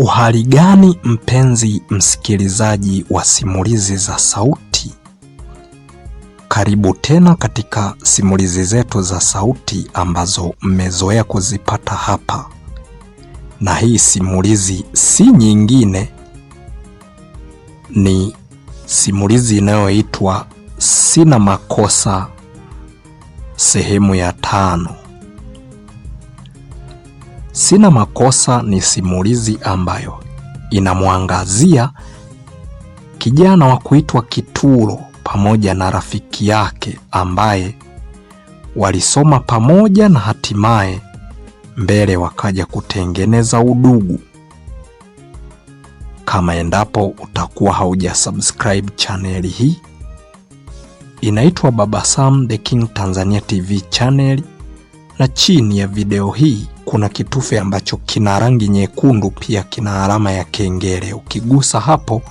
Uhali gani mpenzi msikilizaji wa simulizi za sauti, karibu tena katika simulizi zetu za sauti ambazo mmezoea kuzipata hapa, na hii simulizi si nyingine, ni simulizi inayoitwa Sina Makosa sehemu ya tano. Sina Makosa ni simulizi ambayo inamwangazia kijana wa kuitwa Kituro pamoja na rafiki yake ambaye walisoma pamoja na hatimaye mbele wakaja kutengeneza udugu. Kama endapo utakuwa hauja subscribe chaneli hii, inaitwa Baba Sam The King Tanzania TV channel, na chini ya video hii kuna kitufe ambacho kina rangi nyekundu, pia kina alama ya kengele. Ukigusa hapo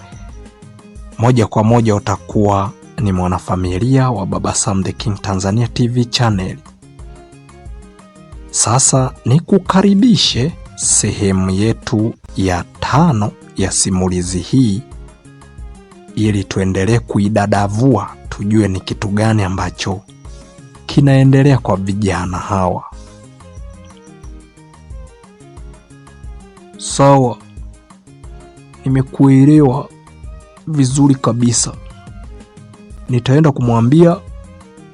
moja kwa moja utakuwa ni mwanafamilia wa Baba Sam the King Tanzania TV channel. Sasa nikukaribishe sehemu yetu ya tano ya simulizi hii ili tuendelee kuidadavua, tujue ni kitu gani ambacho kinaendelea kwa vijana hawa. Sawa, nimekuelewa vizuri kabisa. Nitaenda kumwambia.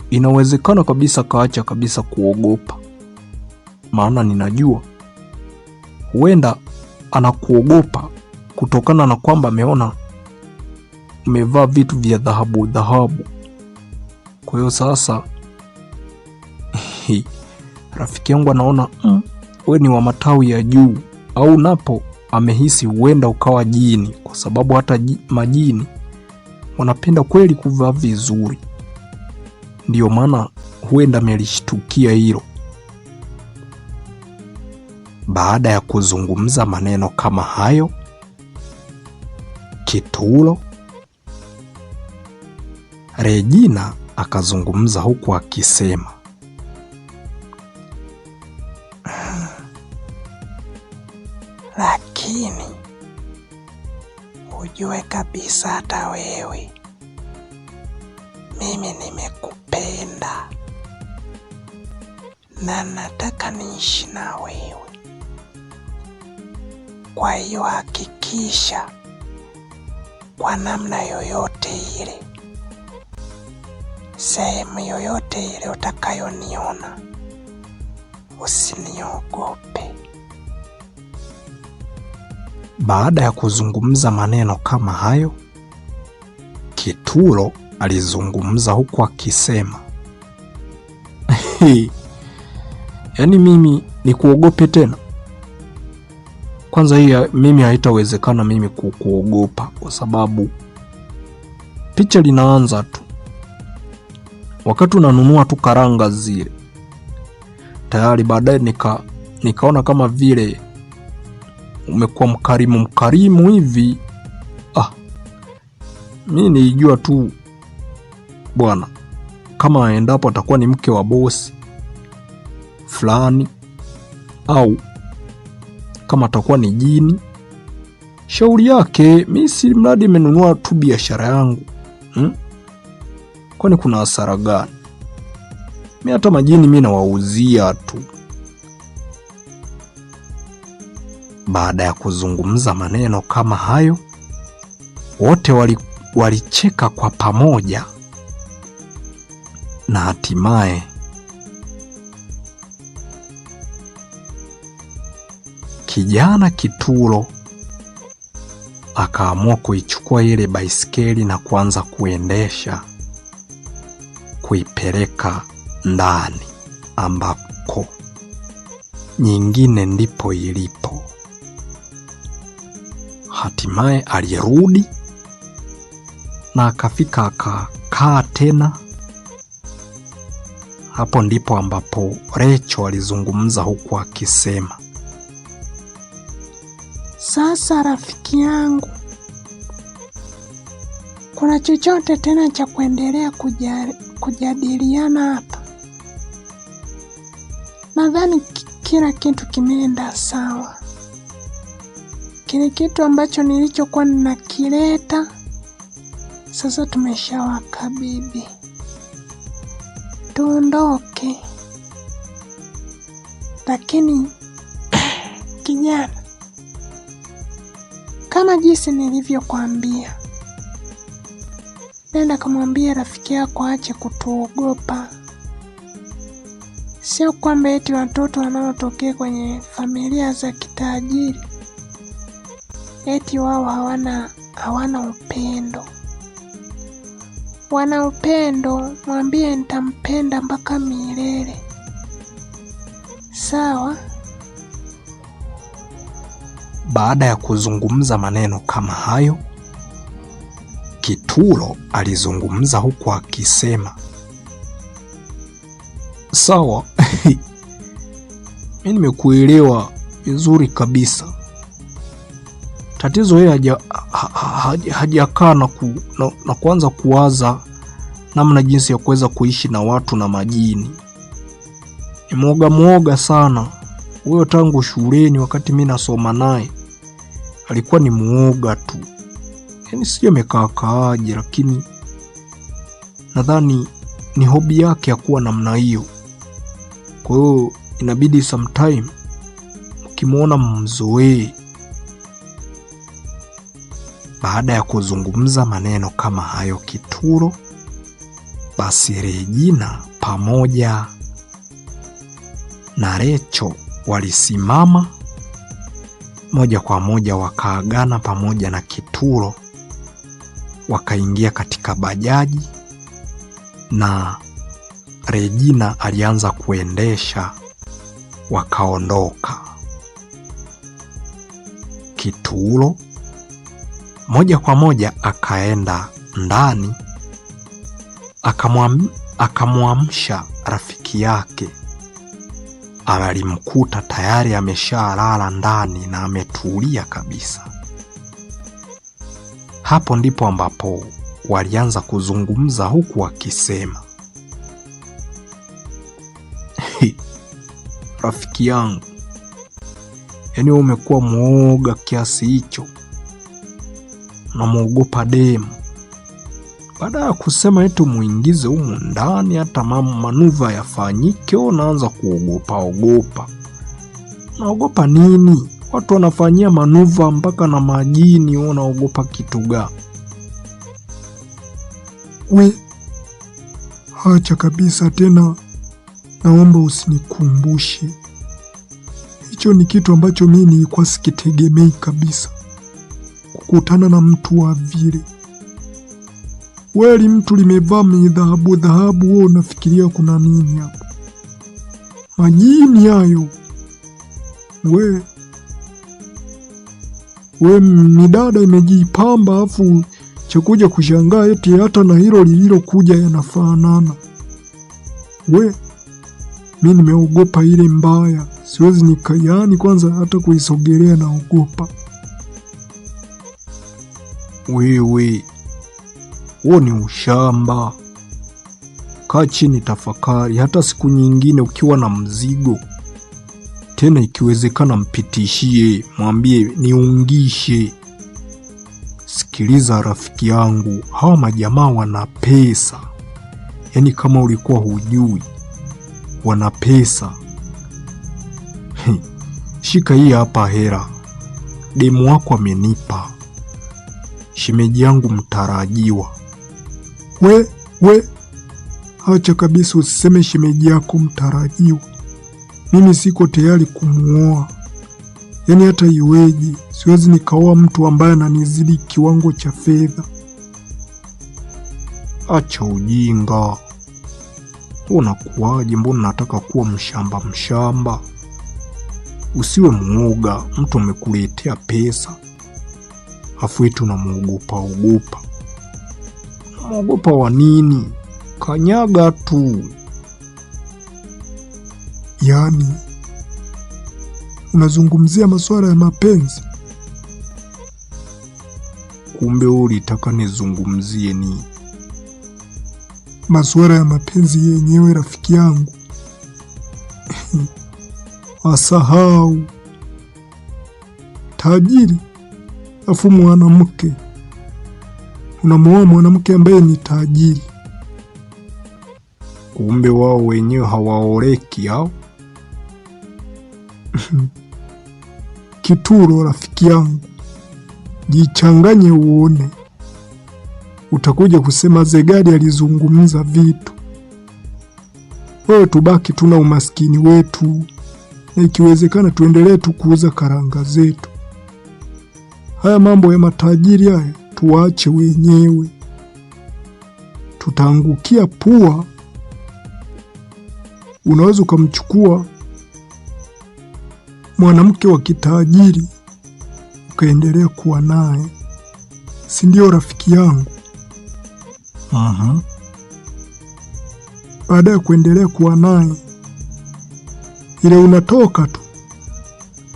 Inawezekana kabisa kaacha kabisa kuogopa, maana ninajua huenda anakuogopa kutokana na kwamba ameona umevaa vitu vya dhahabu dhahabu. Kwa hiyo sasa rafiki yangu anaona mm, we ni wa matawi ya juu au napo amehisi huenda ukawa jini, kwa sababu hata majini wanapenda kweli kuvaa vizuri, ndiyo maana huenda amelishtukia hilo. Baada ya kuzungumza maneno kama hayo, Kitulo Regina akazungumza huku akisema ujue kabisa hata wewe mimi nimekupenda na nataka niishi na wewe. Kwa hiyo hakikisha kwa namna yoyote ile, sehemu yoyote ile utakayoniona, usiniogope. Baada ya kuzungumza maneno kama hayo, Kituro alizungumza huku akisema yaani, mimi nikuogope tena? Kwanza hii mimi haitawezekana mimi kukuogopa, kwa sababu picha linaanza tu wakati unanunua tu karanga zile tayari. Baadaye nika nikaona kama vile umekuwa mkarimu mkarimu hivi. Ah, mi niijua tu bwana, kama endapo atakuwa ni mke wa bosi fulani au kama atakuwa ni jini, shauri yake. Mi si mradi imenunua tu biashara yangu hmm? Kwani kuna hasara gani? Mi hata majini mi nawauzia tu. Baada ya kuzungumza maneno kama hayo, wote wali, walicheka kwa pamoja na hatimaye kijana Kitulo akaamua kuichukua ile baisikeli na kuanza kuendesha kuipeleka ndani ambako nyingine ndipo ilipo. Hatimaye alirudi na akafika akakaa tena. Hapo ndipo ambapo Recho alizungumza huku akisema, sasa rafiki yangu, kuna chochote tena cha kuendelea kujadiliana hapa? Nadhani kila kitu kimeenda sawa kile kitu ambacho nilichokuwa ninakileta sasa tumeshawaka bibi, tuondoke. Lakini kijana, kama jinsi nilivyokwambia, nenda kamwambia rafiki yako ache kutuogopa. Sio kwamba eti watoto wanaotokea kwenye familia za kitajiri eti wao hawana hawana upendo. Wana upendo, mwambie nitampenda mpaka milele. Sawa. Baada ya kuzungumza maneno kama hayo, kitulo alizungumza huku akisema sawa. Mimi nimekuelewa vizuri kabisa tatizo hili hajakaa na, ku, na, na kuanza kuwaza namna jinsi ya kuweza kuishi na watu na majini. Ni mwoga mwoga sana huyo, tangu shuleni wakati mimi nasoma naye alikuwa ni mwoga tu, yaani sijui amekaakaaje, lakini nadhani ni hobi yake ya kuwa namna hiyo. Kwa hiyo inabidi sometime mkimwona mzoee baada ya kuzungumza maneno kama hayo Kituro, basi Regina pamoja na Recho walisimama moja kwa moja wakaagana pamoja na Kituro, wakaingia katika bajaji na Regina alianza kuendesha, wakaondoka Kituro moja kwa moja akaenda ndani akamwamsha rafiki yake. Alimkuta tayari ameshalala ndani na ametulia kabisa. Hapo ndipo ambapo walianza kuzungumza huku wakisema, rafiki yangu, yaani umekuwa mwoga kiasi hicho? namwogopa demu. Baada ya kusema eti muingize humu ndani, hata manuva yafanyike, naanza kuogopa ogopa. Naogopa nini? Watu wanafanyia manuva mpaka na majini, naogopa kituga we hacha kabisa tena, naomba usinikumbushe. Hicho ni kitu ambacho mimi nilikuwa sikitegemei kabisa kukutana na mtu wa vile. Weli mtu limevaa midhahabu dhahabu, wewe unafikiria kuna nini hapo? Majini hayo we we, midada imejipamba afu chakuja kushangaa eti hata na hilo lililokuja yanafanana. We mi nimeogopa ile mbaya, siwezi nikayani kwanza hata kuisogelea naogopa. Wewe huo ni ushamba. Kaa chini, tafakari. Hata siku nyingine ukiwa na mzigo tena, ikiwezekana mpitishie, mwambie niungishe. Sikiliza rafiki yangu, hawa majamaa wana pesa, yaani kama ulikuwa hujui, wana pesa. Shika hii hapa hera, demu wako amenipa shemeji yangu mtarajiwa. We we, acha kabisa, usiseme shemeji yako mtarajiwa. Mimi siko tayari kumuoa, yaani hata iweje, siwezi nikaoa mtu ambaye ananizidi kiwango cha fedha. Acha ujinga, unakuwaje? Mbona nataka kuwa mshamba mshamba? Usiwe mwoga, mtu amekuletea pesa afu wetu unamwogopa ogopa, unamwogopa wa nini? Kanyaga tu, yani unazungumzia masuala ya mapenzi, kumbe wewe ulitaka nizungumzie ni masuala ya mapenzi yenyewe, rafiki yangu. Wasahau tajiri Afu mwanamke unamwoa mwanamke ambaye ni tajiri, kumbe wao wenyewe hawaoleki hao. Kituro, rafiki yangu, jichanganye uone, utakuja kusema Zegadi alizungumza vitu. Wewe tubaki tuna umaskini wetu, na ikiwezekana tuendelee tukuuza karanga zetu. Haya mambo ya matajiri haya tuache wenyewe, tutaangukia pua. Unaweza ukamchukua mwanamke wa kitajiri ukaendelea kuwa naye, si ndio rafiki yangu? Aha. Baada ya kuendelea kuwa naye, ile unatoka tu,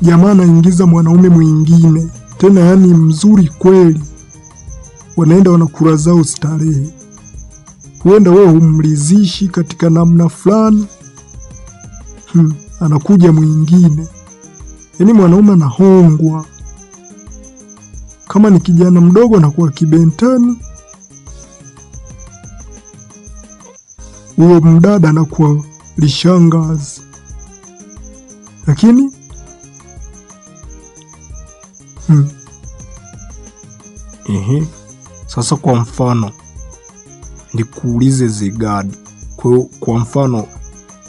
jamaa anaingiza mwanaume mwingine tena, yani mzuri kweli. Wanaenda wanakura zao starehe, huenda wewe humridhishi katika namna fulani hmm. Anakuja mwingine, yani mwanaume anahongwa. Kama ni kijana mdogo anakuwa kibentani, huyo mdada anakuwa lishangazi, lakini Ehe. Sasa kwa mfano nikuulize Zigard, kwa, kwa mfano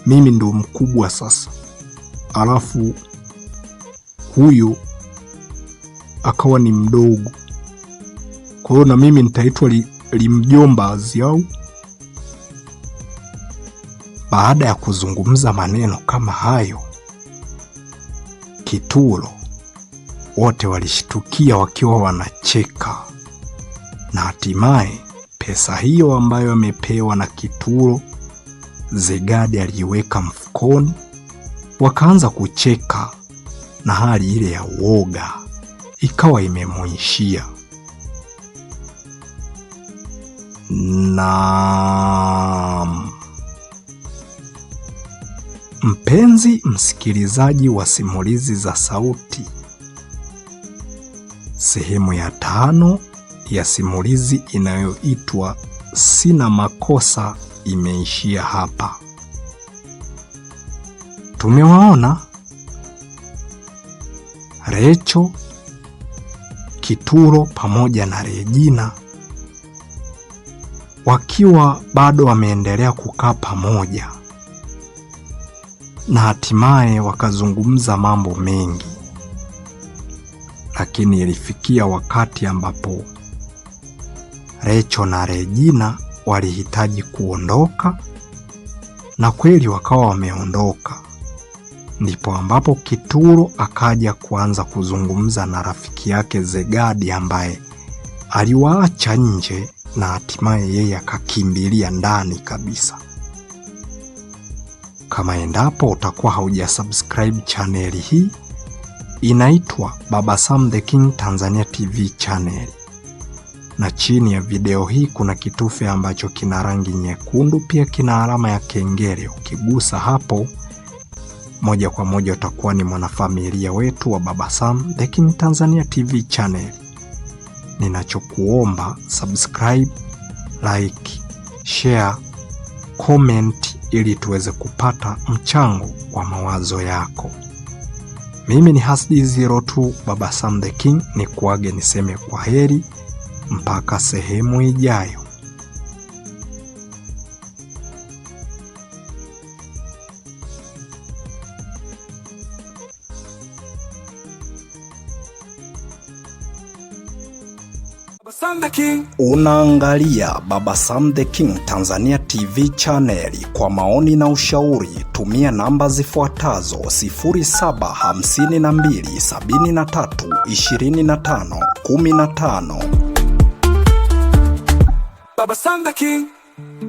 mimi ndo mkubwa sasa, alafu huyo akawa ni mdogo, kwa hiyo na mimi nitaitwa li, aziau au? Baada ya kuzungumza maneno kama hayo, Kitulo wote walishtukia wakiwa wanacheka na hatimaye pesa hiyo ambayo amepewa na Kituro, Zegadi aliiweka mfukoni. Wakaanza kucheka na hali ile ya uoga ikawa imemwishia, na mpenzi msikilizaji wa simulizi za sauti, sehemu ya tano ya simulizi inayoitwa Sina Makosa imeishia hapa. Tumewaona Recho, Kituro pamoja na Regina wakiwa bado wameendelea kukaa pamoja na hatimaye wakazungumza mambo mengi, lakini ilifikia wakati ambapo Recho na Regina walihitaji kuondoka, na kweli wakawa wameondoka. Ndipo ambapo Kituro akaja kuanza kuzungumza na rafiki yake Zegadi ambaye aliwaacha nje na hatimaye yeye akakimbilia ndani kabisa. Kama endapo utakuwa haujasubscribe chaneli hii, inaitwa Baba Sam the King Tanzania TV channel na chini ya video hii kuna kitufe ambacho kina rangi nyekundu, pia kina alama ya kengele. Ukigusa hapo moja kwa moja utakuwa ni mwanafamilia wetu wa Baba Sam The King Tanzania TV channel. Ninachokuomba subscribe, like, share, comment ili tuweze kupata mchango wa mawazo yako. Mimi ni Hasdi02 Baba Sam The King, ni kuage niseme kwa heri. Mpaka sehemu ijayo. Unaangalia Baba Sam the King Tanzania TV channel. Kwa maoni na ushauri tumia namba zifuatazo: 0752732515 Baba Sam the King.